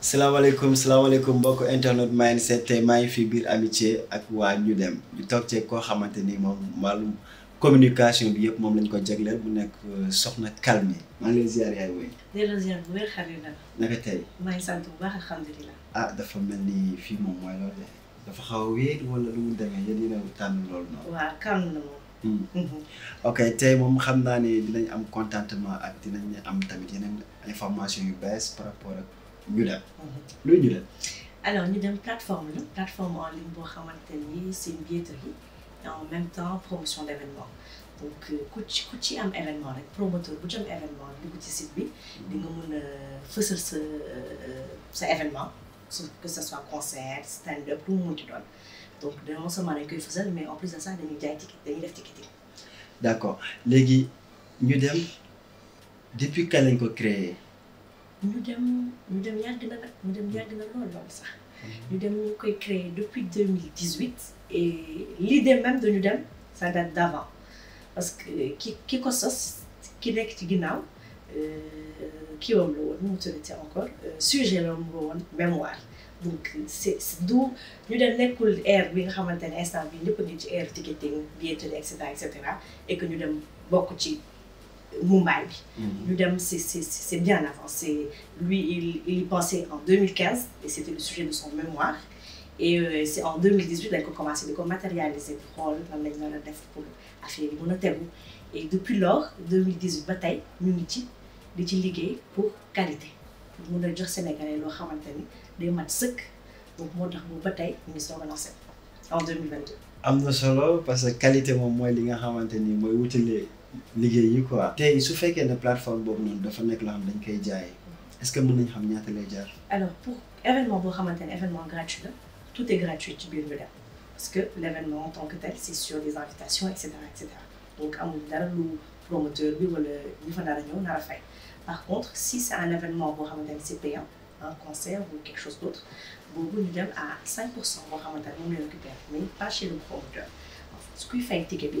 salaamaaleykum salaamaaleykum mbokk internet Mind 7 tey maa ngi fii biir amitié ak waa ñu dem ñu toog ci koo xamante ni moom wàllum communication bi yëpp moom lañ ko jagleel mu nekk euh, soxna Kalmi maa ngi lay ziar yaay woy. delloo ziar ah, ni fii loolu de dafa xaw a wéet wala lu mu demee yéen yéen tànn loolu noonu. waaw calme na moom. Hmm. ok tey moom xam naa ne dinañ am contentement ak dinañ am tamit yeneen information yu bees par rapport ak. Newlab mhm. luy Newlab alors ñu dem plateforme la plateforme en ligne boo xamante ni c'est une billetterie et en même temps promotion d'événement donc coach, euh, ci ku am événement rek promoteur bu ci événement dugg ci site bi di nga mën a euh, événement que ce soit concert stand-up lu mu munti doon donc non seulement dañ koy fësal mais en plus de ça dañuy jaay des dañuy def tickets. d'accord Légui, ñu dem depuis quand lañ ko créé ñu dem ñu dem yàgg na nag ñu dem yàgg na lool lool sax ñu dem ñu koy créé depuis 2018 et l'idée même de ñu dem ça date d'avant parce que ki ki ko sos ki nekk ci ginnaaw kii euh, wam la woon nu mu tuddati encore euh, sujet la woon mémoire donc c'est du ñu dem nekkul air bi nga xamante ne instant bi ñëpp ngi ci air ticketing billetterie et cetera et que ñu dem bokk ci Mumbai. Mm-hmm. c'est bien avancé. Lui, il, y pensait en 2015, et c'était le sujet de son mémoire. Et euh, c'est en 2018 qu'on a commencé à matérialiser pour à faire Et depuis lors, 2018, bataille, Muniti, ligué pour qualité. Pour nous dire Sénégalais, le Hamantani, les Matsuk, donc moi, dans bataille, nous sommes lancés en 2022. Amna solo parce que qualité moom mooy li nga xamante ni liggéey yi quoi. te su fekkee ne plateforme boobu noonu dafa nekk loo xam dañ koy jaay est-ce que mën nañ xam ñaata lay jaar. alors pour événement boo xamante ne événement gratuit la tout est gratuit ci biir Weda parce que l'événement en tant que tel c'est sur des invitations et cetera et cetera donc amul dara lu promoteur bi wala ñi fa nar a ñëw a fay par contre si c'est un événement boo xamante ne c'est payant un concert ou quelque chose d'autre boobu ñu dem à 5 pour cent boo xamante ne moom récupère mais pas chez le promoteur Ce kuy fait ticket bi.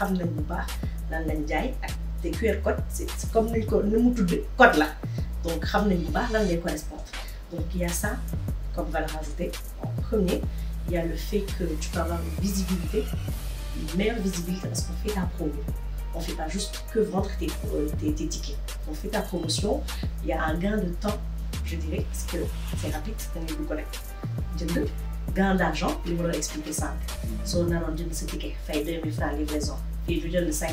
xam nañ bu baax lan lañ jaay ak te QR code c'est comme nañ ko ni mu tudd code la donc xam bu baax lan lay correspond. donc il y a ça comme valeur ajoutée en premier il y a le fait que tu peux avoir une visibilité meilleure visibilité parce qu'on fait ta promo on ne fait pas juste que vendre euh, tes, tes, tickets on fait ta promotion il y a un gain de temps je dirais parce que c'est rapide c'est un dugg rek gain d'argent je vais doon expliquer ça soo naroon de sa ticket fay 2000 francs livraison et je donne le 5%.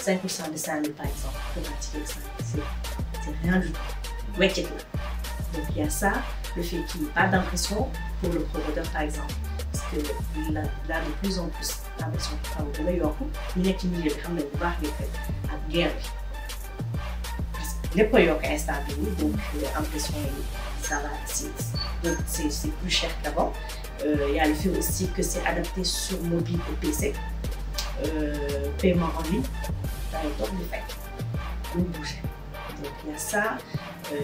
5% de salaire par exemple, pour pratiquer ça. C'est rien du tout. Mais Donc il y a ça, le fait qu'il n'y ait pas d'impression pour le promoteur par exemple. Parce que là, de plus en plus, l'impression que eu de coup, il y a qui n'y a pas de barre à guerre. Les poyok est installé, donc l'impression euh, ça va, c'est plus cher qu'avant. Euh, il y a le fait aussi que c'est adapté sur mobile ou PC euh, paiement en ligne, par de le bouger. Donc il y a ça, euh,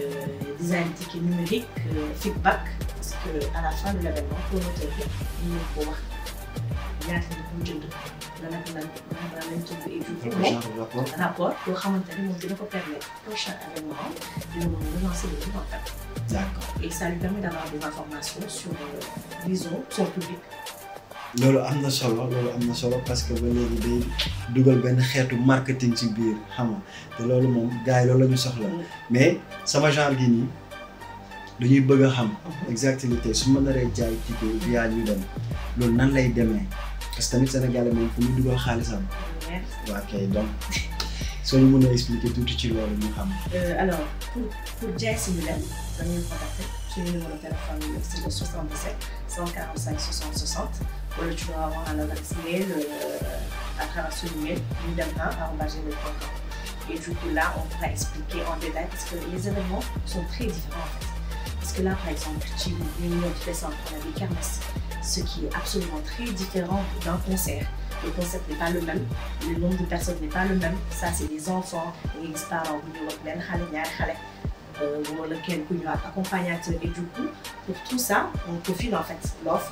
design ticket numérique, euh, feedback, parce qu'à la fin de l'événement, pour notre il faut voir. Il y a un de rapport prochain de le D'accord. Et ça lui permet d'avoir des informations sur, euh, sur le public. loolu am na solo loolu am na solo parce que ba léegi day dugal benn xeetu marketing ci biir xam nga te loolu moom gars yi loolu la soxla mm. mais sama jaar gi nii dañuy bëgg a xam exactement su ma naree jaay ticket via ñu dem loolu nan lay demee parce que tamit Sénégal dugal xaalisam waa kay donc soo ñu mën a expliquer ci loolu ñu xam. Euh, alors bi c'est le 77 145 60 60. tu avoir un adresse mail à travers ce mail, Et du coup, là, on va expliquer en détail parce que les événements sont très différents en fait. Parce que là, par exemple, tu de en ce qui est absolument très différent d'un concert. Le concept n'est pas le même, le nombre de personnes n'est pas le même. Ça, c'est des enfants, et ils parlent en euh, lequel il Et du coup, pour tout ça, on profile en fait l'offre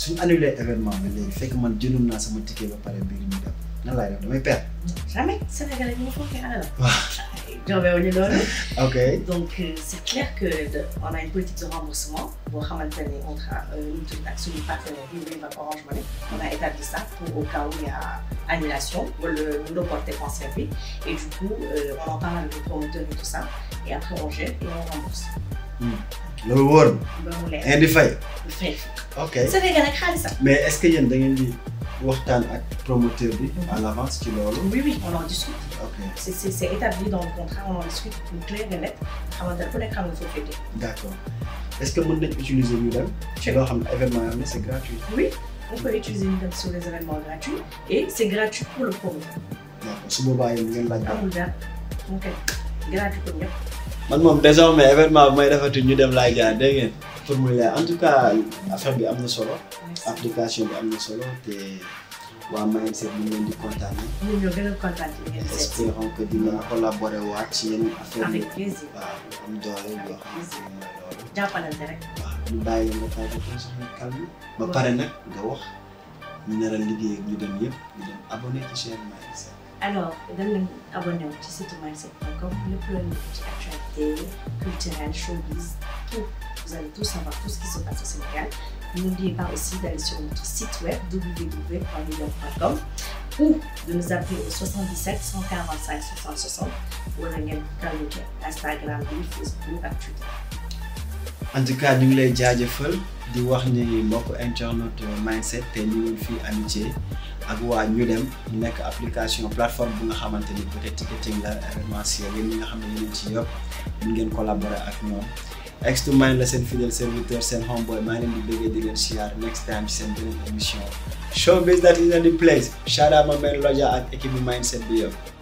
suñ annulé événement bi léegi fekk man jëndoon naa sama ticket ba pare biir ñu dem nan laay def damay perte. jamais Sénégalais ñu fonkee alal. waaw joobe wu ñu loolu. ok donc euh, c' est clair que on a une politique de remboursement boo xamante ni on a ñu euh, tudd ak suñu partenaire bi ñu ba Orange Money on a établi ça pour au cas où il y a annulation wala ñu reporté concert bi et du coup euh, on en parle avec le promoteur et tout ça et après on jette et on rembourse. Hmm. Le wóor na. indi fay. fay ok Sénégal ak xaalisam. mais est-ce que yéen da ngeen di waxtaan ak promoteur bi. à l'avance ci loolu. oui oui on en discute. ok c'est c'est établi dans le contrat on en discute une clé de net xamante ne ku nekk xam nga foofu d'accord est-ce que mën nañ utiliser ñu dem. ci loo xam ne événement Mais c'est gratuit. oui on peut utiliser ñu dem sur les événements gratuits et c'est gratuit pour le promoteur. d'accord su boobaa yéen ngeen laaj. amul dara ok gratuit pour ñëpp. man moom désormais événement bu may defati ñu dem laay jaar dégg ngeen pour muy laay en tout cas affaire bi am na solo. application bi am na solo te waa Mindset ñu ngi leen di kontaanee. ñu ñoo gën a kontaan ci ngeen espérons que dina collaborer waat ci yenn affaire yi. waaw am doole ne mooy jàppalante rek. pare nag nga wax ñu nar a liggéey ñu dem yëpp ñu dem abonné ci chaîne Mindset. culturelles, culturelle, showbiz, tout. Vous allez tous savoir tout ce qui se passe au Sénégal. N'oubliez pas aussi d'aller sur notre site web www.newyork.com ou de nous appeler au 77 145 60 60 wala nous Instagram Facebook et Twitter. en tout cas nous sommes déjà à de wax ni internet mindset et nous ngi ak waa ñu dem nekk application plateforme bu nga xamante ni peut-être ticketing la événementiel yéen ñi nga xam ne yéen ci yëpp mun ngeen collaborer ak ñoom x la seen fidèle serviteur seen homeboy maa ngi leen di di leen siyaar next time ci seen beneen émission showbiz that is in the place shout ma man Lodja ak équipe bu mindset bi yëpp